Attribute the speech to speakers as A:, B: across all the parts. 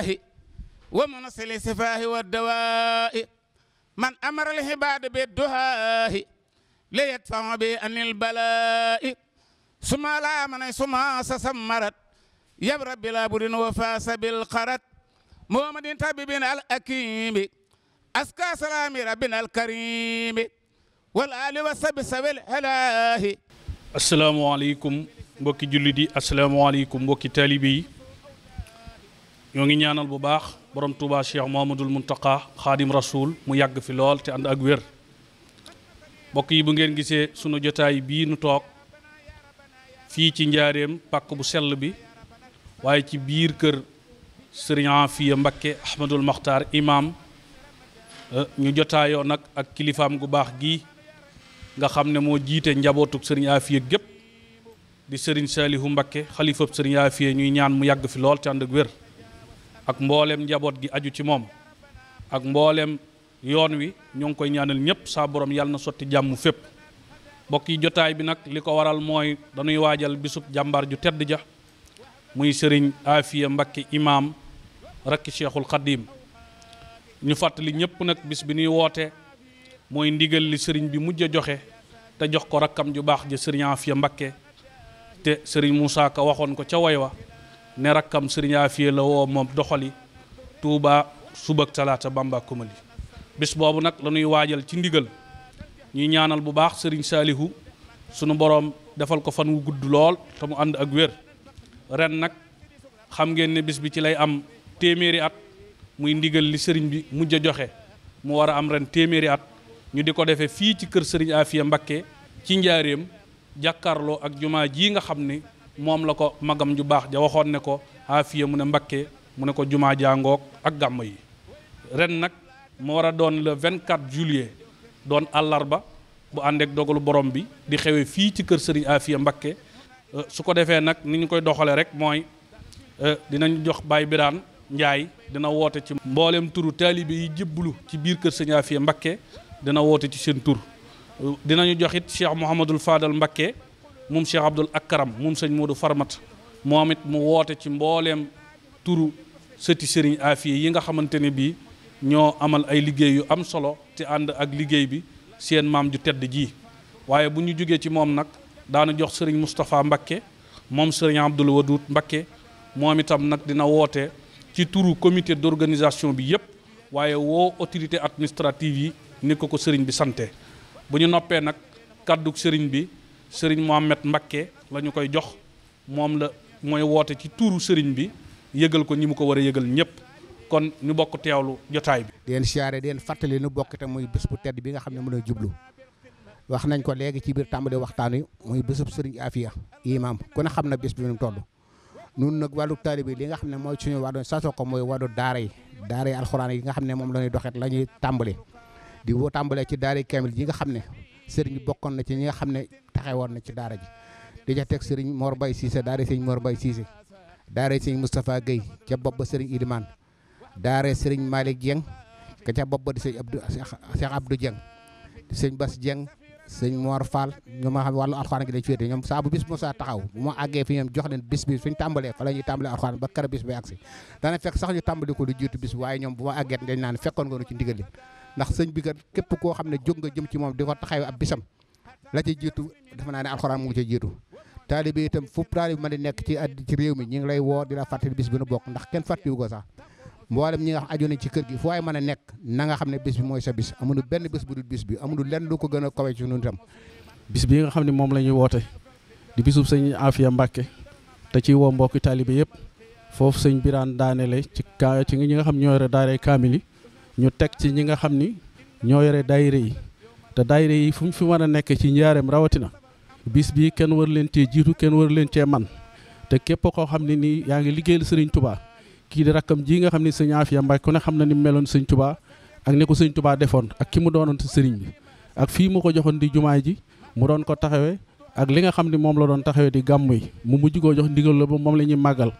A: الأفواه ومنصل السفاه والدواء من أمر العباد بالدهاء ليدفع بأن البلاء ثم لا من ثم سمرت يبرى بلا بد وفاس بالقرت محمد طبيبنا الأكيم أسكى سلام ربنا الكريم والآل وسب سب الإله السلام عليكم
B: mbokki jullit yi asalaamaaleykum mbokki taalibe yi ñoo ngi ñaanal bu baax borom Touba Cheikh Mouhamadoul Mountakha xaadim rasoul mu yàgg fi lool te ànd ak wér mbokk yi bu ngeen gisee sunu jotaay bii nu toog fii ci njaareem pàkk bu sell bi waaye ci biir kër sëriñ Afiya Mbakke Ahmadul Maxtaar imaam eh, ñu jotaayoo nag ak kilifaam gu baax gii nga xam ne moo jiite njabootuk sëriñ Afiya gépp di sëriñ Saalihu Mbakke xalifab sëriñ Afiya ñuy ñaan mu yàgg fi lool te ànd ak wér ak mbooleem njaboot gi aju ci moom ak mbooleem yoon wi ñoo ngi koy ñaanal ñëpp saa borom yàlla na sotti jàmm fépp mbokk yi jotaay bi nag li ko waral mooy dañuy waajal bisub jàmbaar ju tedd ja muy sëriñ Afiya Mbakke imaam rakki cheikhul xadim ñu fàttali ñëpp nag bis bi ñuy woote mooy ndigal li sëriñ bi mujj a joxe te jox ko rakkam ju baax ja sëriñ Afiya Mbakke te sëriñ Moussa ko waxoon ko ca woy wa ne rakkam sëriñ Afiye la woo moom doxali Touba subak talaata Bamba Kumali bis boobu nag la waajal ci ndigal ñuy ñaanal bu baax sëriñ Saalihu sunu boroom defal ko fan wu gudd lool te mu ànd ak wér ren nag xam ngeen ne bis bi ci lay am téeméeri at muy ndigal li sëriñ bi mujj a joxe mu war a am ren téeméeri at ñu di ko defee fii ci kër sëriñ Afiye Mbakke ci njaareem jàkkarloo ak jumaa ji nga xam ni moom la ko magam ju baax ja waxoon ne ko aafiya mu ne mbakke mu ne ko jumaa jàngoog ak gàmm yi ren nag mu war a doon vingt quatre juillet doon àllarba bu àndeek dogalu borom bi di xewee fii ci kër sëriñ aafiya mbakke euh, su ko defee nag ni ñu koy doxalee rek mooy euh, dinañ jox Baye Birane Ndiaye dina woote ci mboolem turu taalibe yi jébbalu ci biir kër sëriñ aafiya mbakke dina woote ci seen tur euh, dinañu jox it Cheikh Mouhamadul Fadal Mbakke moom Cheikh Abdoul Akram moom sëñ Modou Farmat moom it mu woote ci mbooleem turu sëti sëriñ Afia yi nga xamante ne bii ñoo amal ay liggéey yu am solo te ànd ak liggéey bi seen maam ju tedd ji waaye bu ñu jógee ci moom nag daanu jox sëriñ Moustapha Mbakke moom sëriñ Abdoul Wadoud Mbakke moom itam nag dina woote ci turu comité d'organisation bi yépp waaye woo autorité administrative yi ni ko ko sëriñ bi sante bu ñu noppee nag kàddug sëriñ bi sëriñ Mohamed Mbakke la ñu koy jox moom la mooy woote ci tuuru sëriñ bi yëgal ko ñi mu ko war a yëgal ñëpp kon ñu bokk teewlu jotaay bi.
C: deen leen siyaare di leen nu bokk itam muy bés bu tedd bi nga xam ne mën a jublu wax nañ ko léegi ci biir tàmbali waxtaan wi muy bésub sëriñ Afia imaam ku ne xam na bés bi mu toll. nun nag wàllu taalibe bi li nga xam ne mooy suñu wàllu sasoo ko mooy wàllu daara yi daara yi nga xam ne moom lañuy ñuy doxet la ñuy tàmbali di boo tàmbalee ci daara yi kaamil yi nga xam ne sëriñ bi bokkoon na ci ñi nga xam ne taxewoon na ci daara ji di ca teg sëriñ moor Mbaye Cissé daara sëriñ Mor Mbaye Cissé daara sëriñ Moustapha Guèye ca bopp sëriñ Idimane daara sëriñ Malick Dieng ka ca bopp di sëriñ Abdou Cheikh sëriñ Bass Dieng sëñ Mor Fall ñoom ma xam wàllu alxuraan gi dañ ci wéete ñoom saa bu bis mo saa taxaw bu ma àggee fi ñoom jox leen bis bi suñ tàmbalee fa la tàmbalee alxuraan ba kara bis bay agsi dana fekk sax ñu tàmbali ko lu jiitu bis waaye ñoom bu ma àggee dañ naan fekkoon nga nu ci ndax sëñ bi kat képp koo xam ne jóg nga jëm ci moom di ko taxawee ab bisam la ci jiitu dafa naa ne alxuraan mu ngi ci jiitu taalibe itam fu taalibe ma di nekk ci at ci réew ñu ngi lay woo di fàttali bis bi bokk ndax kenn fàttaliwu ko sax mboolem ñi nga xam aju nañ ci kër gi foo waay mën a nekk nanga xam ne bis bi mooy sa bis amuñu benn bis bu dul bis
D: bi amuñu lenn lu ko gën a kawe ci ñun itam bis bi nga xam ne moom la ñuy woote di bisub sëñ Afia Mbàkke te ciy woo mbokki taalibe yëpp foofu sëñ Biraan daanele ci ka ci ñi nga xam ñoo yore daaree kaamil yi ñu teg ci ñi nga xam ni ñoo yore daayira yi te daayira yi fu mu fi mën a nekk ci njaareem rawatina bis bii kenn war leen cee jiitu kenn war leen cee man te képp koo xam ne nii yaa ngi liggéeyal sëriñ tubaa kii di rakkam jii nga xam ne sëñ Afia Mbaye ku ne xam na ni meloon sëñ Touba ak ne ko sëñ tubaa defoon ak ki mu doonoon si sëriñ bi ak fii mu ko joxoon di jumaay ji mu doon ko taxawee ak li nga xam ne moom la doon taxawee di gàmm yi mu mujj koo jox ndigal la ba moom la ñuy màggal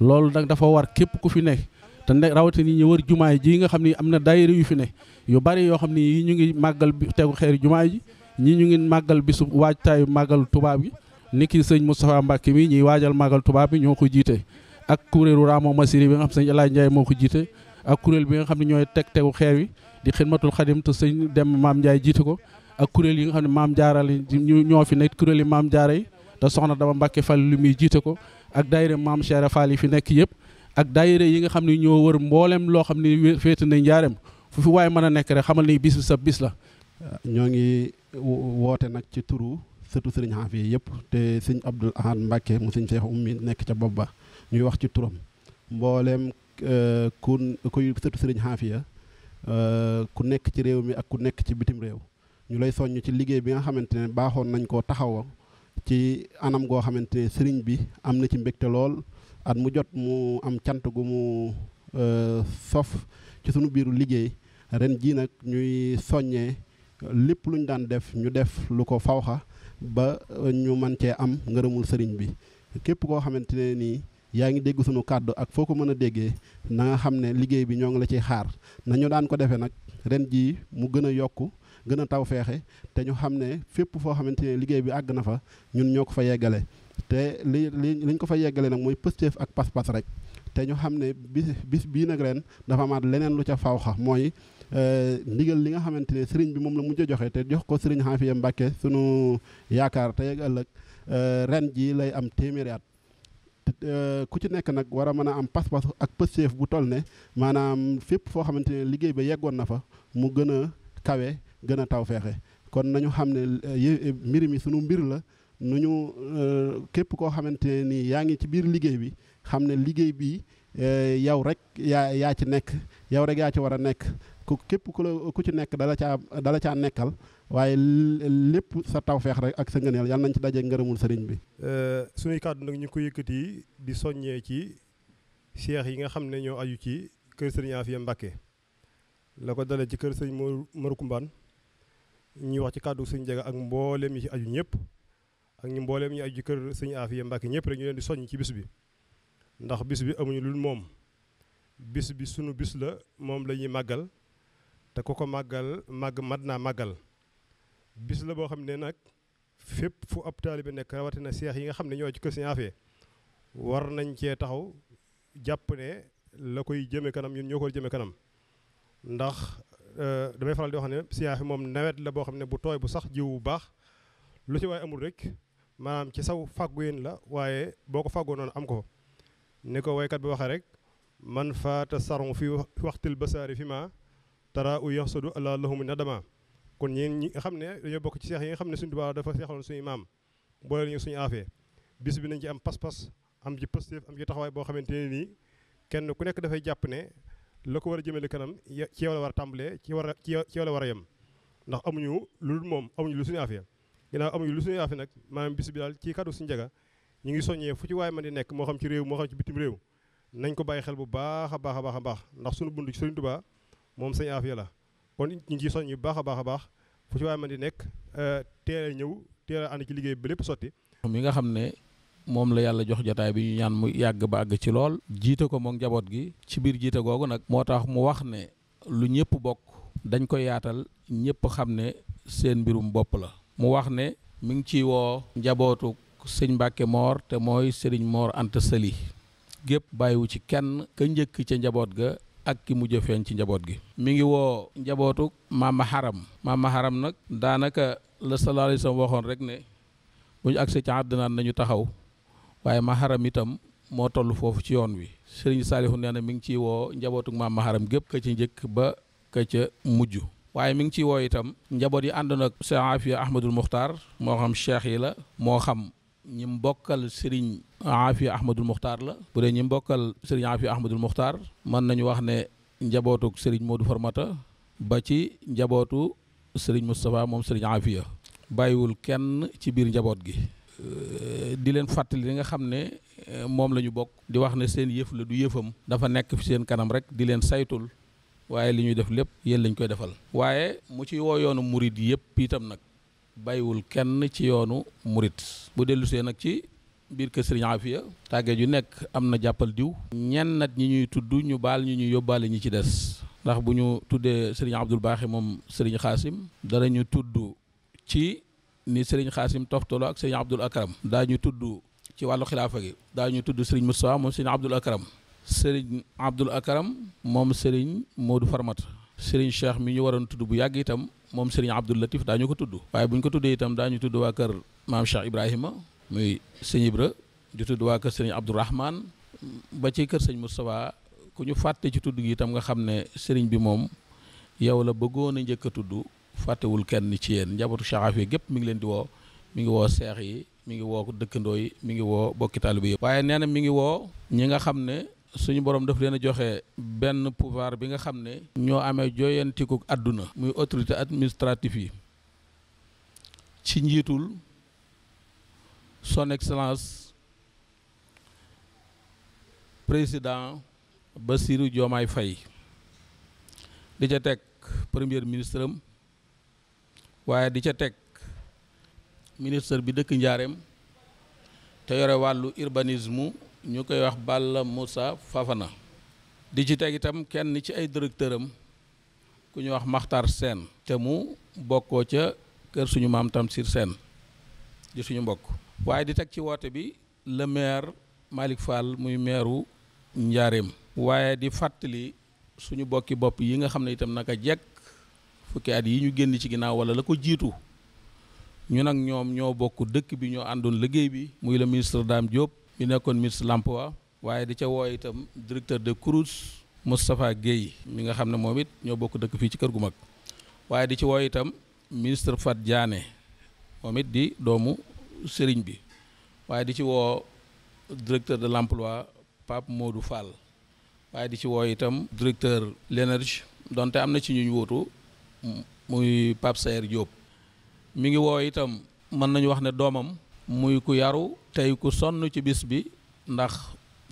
D: loolu nag dafa war képp ku fi nekk te ne yi ñu wër jumaa ji nga xam ni am na daayira yu fi ne yu bari yoo xam ni yi ñu ngi màggal bi tegu xeeri jumaa ji ñi ñu ngi màggal bisu waajtaayu màggal tubaab gi niki sëñ Moustapha Mbacke mi ñuy waajal màggal tubaab bi ñoo ko jiite ak kuréelu Ramo Masiri bi nga xam sëñ El Hadj Ndiaye moo ko jiite ak kuréel bi nga xam ne ñooy teg tegu xeer wi di xidmatul xadim te sëñ dem maam Ndiaye jiite ko ak kuréel yi nga xam ne maam jaarale ñu ñoo fi nekk kuréel yi maam jaara te soxna dama Mbacke Fall lu muy jiite ko ak daayira maam Cheikh Fall yi fi nekk yëpp ak daayira yi nga xam ne ñoo wër mbooleem loo xam ne féete na njaareem fu fi waaye mën a nekk rek xamal ni bis bi sa bis la. Ah,
E: ñoo ngi woote nag ci turu surtout sëriñ Xaafi yëpp te sëñ Abdul Ahad Mbacke mu sëñ Cheikh Oumy nekk ca bopp ba ñuy wax ci turam mboolem eh, ku kuy surtout sëriñ Xaafi eh, ku nekk ci réew mi ak ku nekk ci bitim réew ñu lay soññ ci liggéey bi nga xamante ne baaxoon nañ koo taxawoo ci anam goo xamante ne sëriñ bi am na ci mbégte lool. at mu jot mu am cant gu mu euh, sof ci sunu biiru liggéey ren jii nag ñuy soññee lépp lu ñu daan def ñu def lu ko fawxa ba euh, ñu man cee am ngërëmul sëriñ bi képp koo xamante ne nii yaa ngi dégg sunu kàddu ak foo ko mën a déggee na xam ne liggéey bi ñoo ngi la ciy xaar nañu daan ko defee nag ren jii mu gën a yokku gën a taw feexe te ñu xam ne fépp foo xamante ne liggéey bi àgg na fa ñun ñoo ko fa yeggale te li li liñ ko fa yeggale nag mooy pësteef ak pas-pas rek te ñu xam ne bis bii nag ren dafa amaat leneen lu ca faw fawxa mooy euh, ndigal li nga xamante ne sëriñ bi moom la mujj a joxe te jox ko sëriñ Xaafiya Mbàkke sunu yaakaar tey ak ëllëg euh, ren ji lay am téeméeri at euh, ku ci nekk nag war a mën a am pas-pas ak pësteef bu toll ne maanaam fépp foo xamante ne liggéey ba yeggoon na fa mu gën a kawe gën a taw feexe kon nañu xam ne mbir mi sunu mbir la nu ñu euh, képp koo xamante ne ni yaa ngi ci biir liggéey bi xam ne liggéey bi euh, yow rek yaa yaa ci nekk yow rek yaa ci war a nekk ku képp ku la ku ci nekk dala caa dala caa nekkal waaye lépp sa tawfeex rek ak sa ngëneel yàlla nañ ci daje ngërëmul sëriñ bi.
F: Euh, suñuy kàddu nag ñu ko yëkkati di soññee ci seex yi nga xam ne ñoo aju ci kër sëriñ Afia Mbacke la ko dalee ci kër sëriñ Mor Mor ñuy wax ci kàddu suñu jege ak mboolem yi ci aju ñëpp. ak ñu mbooleem ñu aju kër sëñ Afiya Mbàkke ñëpp rek ñu leen di soññ ci bis bi ndax bis bi amuñu lu moom bis bi sunu bis la moom lañuy màggal te ko ko màggal màgg mat naa màggal bis la boo xam ne nag fépp fu ab taalibe nekk rawatina seex yi nga xam ne ñoo ci kër sëñ Afiya war nañ cee taxaw jàpp ne la koy jëme kanam ñun ñoo koy jëme kanam ndax euh, damay faral di wax ne siyaafi moom nawet la boo xam ne bu tooy bu sax jiw bu baax lu ci waay amul rek maanaam ci saw fàggu yéen la waaye boo ko fàggoo noonu am ko ni ko waykat bi waxee rek man faata saron fi waxtil basaari fi ma tara u yaxsudu ala lahum nadama kon ñeen ñi xam ne dañoo bokk ci seex yi nga xam ne suñu tubaab dafa seexaloon suñu maam boole ñu suñu aafee bis bi nañ ci am pas-pas am ci positif am ci taxawaay boo xamante ne nii kenn ku nekk dafay jàpp ne la ko war a jëmale kanam ci yow la war a tàmbalee ci war a ci yow la war a yem ndax amuñu lu moom amuñu lu suñu aafee ginnaaw amuñu lu suñu yaa fi nag maanaam bis bi daal ci kaddu suñu njaga ñu ngi soññee fu ci waay man di nekk moo xam ci réew moo xam ci bitim réew nañ ko bàyyi xel bu baax a baax a baax a baax ndax suñu bund ci Sëriñ Tuubaa moom sëñ aafiya la kon ñu ngi soññ bu baax a baax a baax fu ci waay man di nekk euh, teel a ñëw teel a ànd ci liggéey bi lépp sotti
A: mi nga xam ne moom la yàlla jox jataay bi ñu ñaan mu yàgg ba àgg ci lool jiite ko moom njaboot gi ci biir jiite googu nag moo tax mu wax ne lu ñëpp bokk dañ koy yaatal ñëpp xam ne seen mbirum bopp la mu wax ne mi ngi ciy woo njabootu sëñ Mbàkke Moor te mooy sëriñ Moor Anta Sali gépp bàyyiwu ci kenn ka njëkk ca njaboot ga ak ki mujj feeñ ci njaboot gi mi ngi woo njabootu maama haram ma haram nag daanaka la sallallahu alayhi wasallam waxoon rek ne bu ñu agsee ci àddinaan nañu taxaw waaye ma haram itam moo toll foofu ci yoon wi sëriñ Saalihu nee na mi ngi ciy woo njabootu maama haram gépp ka ci njëkk ba ka ca mujj waaye mi ngi ciy woo itam njaboot yi àndoon ak Cheikh Afia Ahmadul Muxtaar moo xam cheikh yi la moo xam ñi mu bokkal Serigne Afia Ahmadul Muxtaar la bu dee ñi mu bokkal Serigne mën nañu wax ne njabootuk Serigne Modou Formata ba ci njabootu Serigne Moustapha moom Serigne Afia bàyyiwul kenn ci biir njaboot gi euh, di leen fàttali li nga xam ne euh, moom la ñu bokk di wax ne seen yëf la du yëfam dafa nekk fi seen kanam rek di leen saytul waaye li ñuy def lépp yéen lañ koy defal waaye mu ci woo yoonu murit yëpp itam nag bàyyiwul kenn ci yoonu murit bu dellusee nag ci biir kër Serigne Afia tàgge ju nekk am na jàppal diw ñenn nat ñi ñuy tudd ñu baal ñu ñuy yóbbaale ñi ci des ndax bu ñu tuddee Serigne Abdoul Baaxi moom Serigne Xaasim ñu tudd ci ni Serigne Xaasim toftalo ak Serigne Abdoul daa ñu tudd ci wàllu xilaafa gi daa ñu tudd Serigne Moustapha moom Serigne Abdoul Akram sëriñ Abdul Akaram moom sëriñ du Farmata sëriñ Cheikh mi ñu waroon tudd bu yàgg itam moom sëriñ Abdul Latif daañu ko tudd waaye bu ñu ko tuddee itam daañu tudd waa kër maam Cheikh Ibrahima muy sëñ Ibra di tudd waa kër sëriñ Abdourahman ba ci kër sëñ Moustapha ku ñu fàtte ci tudd itam nga xam ne sëriñ bi moom yow la bëggoon a njëkk a tudd fàttewul kenn ci yéen njabootu Cheikh Afia gépp mi ngi leen di woo mi ngi woo seex yi mi ngi woo dëkkandoo yi mi ngi woo bokki taalibe yëpp waaye nee na mi ngi woo ñi nga xam ne suñu borom daf leen a joxe benn pouvoir bi nga xam ne. ñoo amee jooyantiku àdduna. muy autorité administrative yi ci njiitul son excellence président ba Bassirou Diomaye fay di ca teg premier ministre am waaye di ca teg ministre bi dëkk Njaareem te yore wàllu urbanisme. ñu koy wax Balla Moussa Fafana di ci teg itam kenn ci ay directeur am ku ñu wax Makhtar Sène te mu bokkoo ca kër suñu maam Tamsir seen di suñu mbokk waaye di teg ci woote bi le maire Malick Fall muy maireu Njaareem waaye di fàttali suñu bokki bopp yi nga xam ne itam naka jekk fukki at yi ñu génn ci ginnaaw wala la ko jiitu ñu nag ñoom ñoo bokk dëkk bi ñoo àndoon liggéey bi muy le ministre Dame Diop ñu nekkoon ministre l'emploi waaye di ca woo itam directeur de CROUS Moustapha Guèye mi nga xam ne moom it ñoo bokk dëkk fii ci kër gu mag waaye di ci woo itam ministre Fat Diané moom it di doomu sëriñ bi waaye di ci woo directeur de l'emploi Pape Modou Fall waaye di ci woo itam directeur l'énergie donte am na ci ñu ñu wóotu muy Pape Sayer Diop mi ngi woo itam mën nañu wax ne doomam muy ku yaru tey ku sonn ci bis bi ndax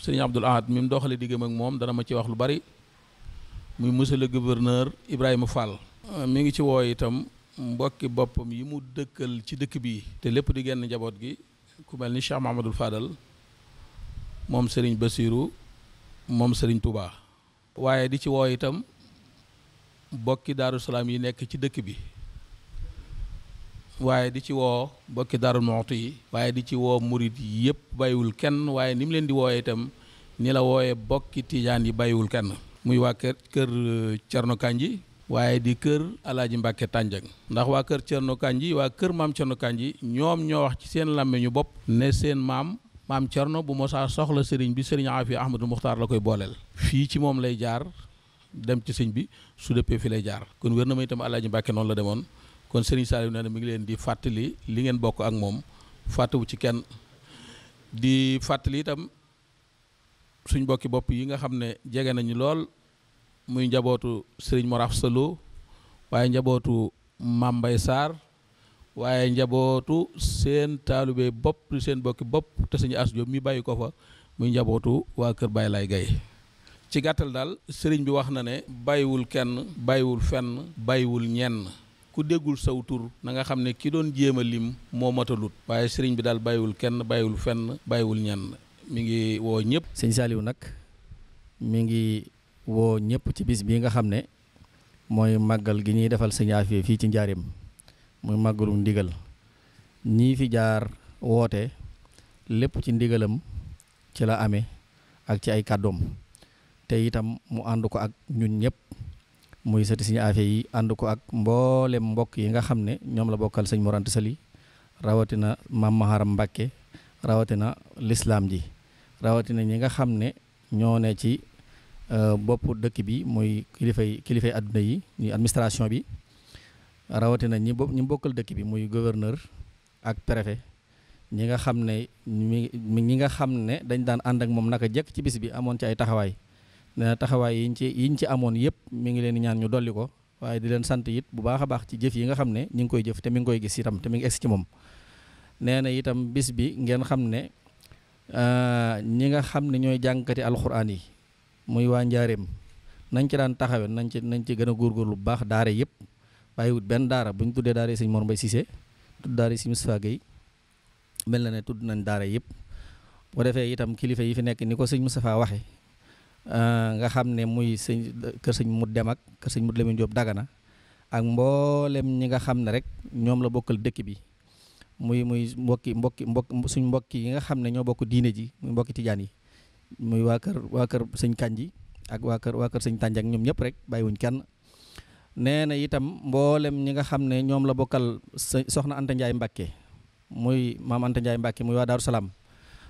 A: sëriñ Abdul Ahad mi mu doxale diggam ak moom dana ma ci wax lu bari muy monsieur le gouverneur Ibrahima Fall. Euh, mi ngi ci woo itam mbokki boppam yi mu dëkkal ci dëkk bi te lépp di genn njaboot gi ku mel ni Cheikh Mahamadul Fadal moom sëriñ Basiru moom sëriñ Touba. waaye di ci woo itam mbokki Daaru Salaam yi nekk ci dëkk bi. waaye di ci woo bokki Darou Mouhty yi waaye di ci woo murit yëpp bàyyiwul kenn waaye ni mu leen di wooyee itam ni la wooyee bokki tiijaan yi bàyyiwul kenn muy waa kër kër Cerno euh, Kanji waaye di kër Alaaji Mbàkke Tànjang ndax waa kër Cerno Kanji waa kër maam Cerno Kanji ñoom ñoo wax ci seen làmmiñu bopp ne seen maam maam Cerno bu mosaa soxla sëriñ bi sëriñ Afiya Ahmadou Muxtaar la koy booleel fii ci moom lay jaar dem ci sëñ bi su dëppee fi lay jaar kon wér na ma itam Alaaji Mbàkke noonu la demoon kon Serigne Saliou nee na mi ngi leen di fàttali li ngeen bokk ak moom fàttewu ci kenn di fàttali itam suñ bokki bopp yi nga xam ne jege nañu lool muy njabootu Serigne Mor Afsa Lo waaye njabootu Mame Mbaye waaye njabootu seen taalube bopp seen bokki bopp te suñu as mi bàyyi ko fa muy njabootu waa Kër Baye Lay Gaye ci gàttal daal sëriñ bi wax na ne bàyyiwul kenn bàyyiwul fenn bàyyiwul ñenn ku déggul saw na nga xam ne ki doon jéem a lim moo matalut waaye sëriñ bi daal bàyyiwul kenn bàyyiwul fenn
G: bàyyiwul ñan mi ngi woo ñëpp. sëñ Saliou nag mi ngi woo ñëpp ci bis bi nga xam ne mooy màggal gi ñuy defal sëñ Afia fii ci njaareem muy màggalum ndigal ñii fi jaar woote lépp ci ndigalam ci la ame ak ci ay kàddoom te itam mu ànd ko ak ñun ñëpp. muy sëti suñu yi ànd ko ak mboole mbokk yi nga xam ne ñoom la bokkal sëñ Mor Anta Sali rawatina maam Maharam Mbacke rawatina lislaam ji rawatina ñi nga xam ne ñoo ne ci euh, bopp dëkk bi muy kilifay kilifay adduna yi ñuy administration bi rawatina ñi ñi bokkal dëkk bi muy gouverneur ak préfet ñi nga xam ne ñi ñi nga xam ne dañ daan ànd ak moom naka jekk ci bis bi amoon ci ay taxawaay nee eh, taxawaay yiñ ci yiñ ci amoon yëpp mi ngi leen di ñaan ñu dolli ko waaye di leen sant yit bu baax a baax ci jëf yi nga xam ne ñu ngi koy jëf te ngi koy gis itam te mi ngi egsi na itam bis bi ngeen xam ne eh, ñi nga xam ne ñooy jàngkati alxuraan yi muy waa njaareem nañ ci daan taxawe nañ ci nañ ci gën a góorgóorlu bu baax daara yëpp bàyyiwut benn daara bu ñu tuddee daara yi sëñ Mor Mbaye Cissé tudd daara yi sëñ Moustapha Gueye mel na ne tudd nañ daara yëpp bu defee itam kilifa yi fi nekk ni ko sëñ Moustapha waxe Euh, nga xam ne muy sëñ kër sëñ mut dem ak kër sëñ mu Lamine Diop Dagana ak mboolem ñi nga xam ne rek ñoom la bokkal dëkk bi muy muy mbokki mbokki mbokk suñ mbokki yi nga xam ne ñoo bokk diine ji muy mbokki tijaan yi muy waa waa kër sëñ Kanji ak waa kër waa kër sëñ Tànj ñoom ñëpp rek bàyyiwuñ kenn nee na itam mboolem ñi nga xam ne ñoom la bokkal soxna Anta Ndiaye Mbacke muy maam Anta Ndiaye Mbacke muy waa Daaru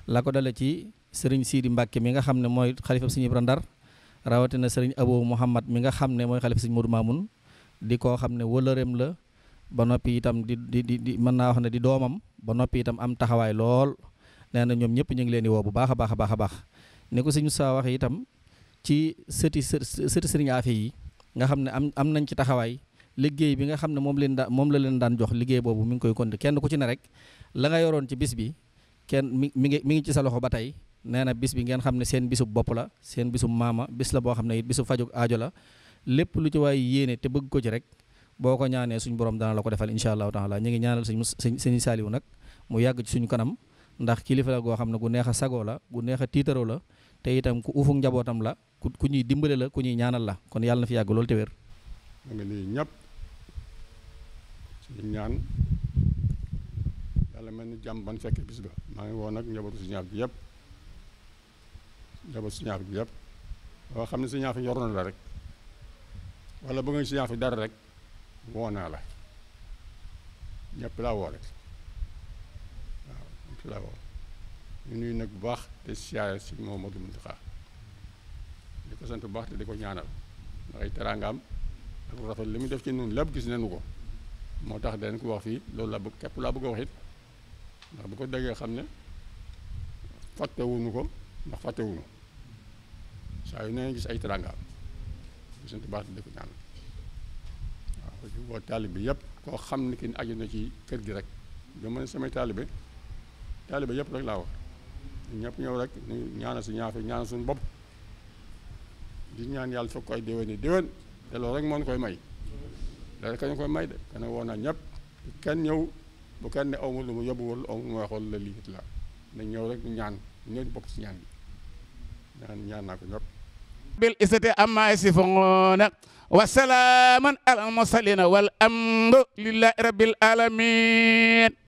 G: la ko dale ci sëriñ Sidi Mbacke mi nga xam ne mooy xalifa sëriñ Ibra Ndar rawatina sëriñ Abou Mouhamad mi nga xam ne mooy xalifa sëriñ Modou Mamoun di koo xam ne wëlëreem la ba noppi itam di di di di mën naa wax ne di doomam ba noppi itam am taxawaay lool nee na ñoom ñëpp ñu ngi leen di woo bu baax a baax a baax a baax ni ko sëriñ Moussa waxee itam ci sëti sëti sëriñ Afe yi nga xam ne am am nañ ci taxawaay liggéey bi nga xam ne moom leen daan moom la leen daan jox liggéey boobu mi ngi koy konti kenn ku ci ne rek la nga yoroon ci bis bi kenn mi mi ngi mi ngi ci sa loxo ba tey nee na bis bi ngeen xam ne seen bisu bopp la seen bisu maama bis la boo xam ne it bisu fajug aajo la lépp lu ci waay yéene te bëgg ko ci rek boo ko ñaanee suñu borom dana la ko defal incha allahu taala ñu ngi ñaanal suñu sëñ saaliwu nag mu yàgg ci suñu kanam ndax kilifa la goo xam ne gu neex a sagoo la gu neex tiitaroo la te itam njabootam la ku ñuy dimbale la ku ñuy ñaanal la kon yàlla fi yàgg loolu te wér
H: ma ngi nuyu ñëpp suñu ñaan yàlla mel ni jàmm ban fekkee bis ba maa ngi woo nag njabootu suñu ab bi njaboot si ñaaf gi yëpp xam ne si ñaaf yor la rek wala bëgg nga si ñaaf dara rek woo naa la ñëpp laa woo rek waaw ñëpp laa woo ñu nuyu nag bu baax te siyaare si Mouhamadou Mountakha di ko sant bu baax te di ko ñaanal ndax ay teraangaam rafet li mu def ci noonu lépp gis nañu ko moo tax dañ ko wax fii loolu la bëgg képp laa bëgg a ndax bu ko déggee xam ne fàttewuñu ko ndax fàttewuñu saa yu gis ay teraangaam di sant baax di yëpp koo xam ni ki aju na ci kër gi rek da mën samay taalibe taalibe yëpp rek laa wax ñëpp ñëw rek ñu ñaanal si ñaafe ñaanal suñu bopp di ñaan yàlla fekk koy déwén ni déwén te loolu rek moo koy may loolu kañ koy may de kana woo naa kenn ñëw bu kenn ne awma lu mu yóbbu wala awma lu ma waxoon la lii la nañ ñëw rek ñaan ñëw bokk si ñaan bi ñaan ñaan naa ko ñëpp
E: بالإسة أما
A: يصفون وسلاما على المرسلين والأمر لله رب العالمين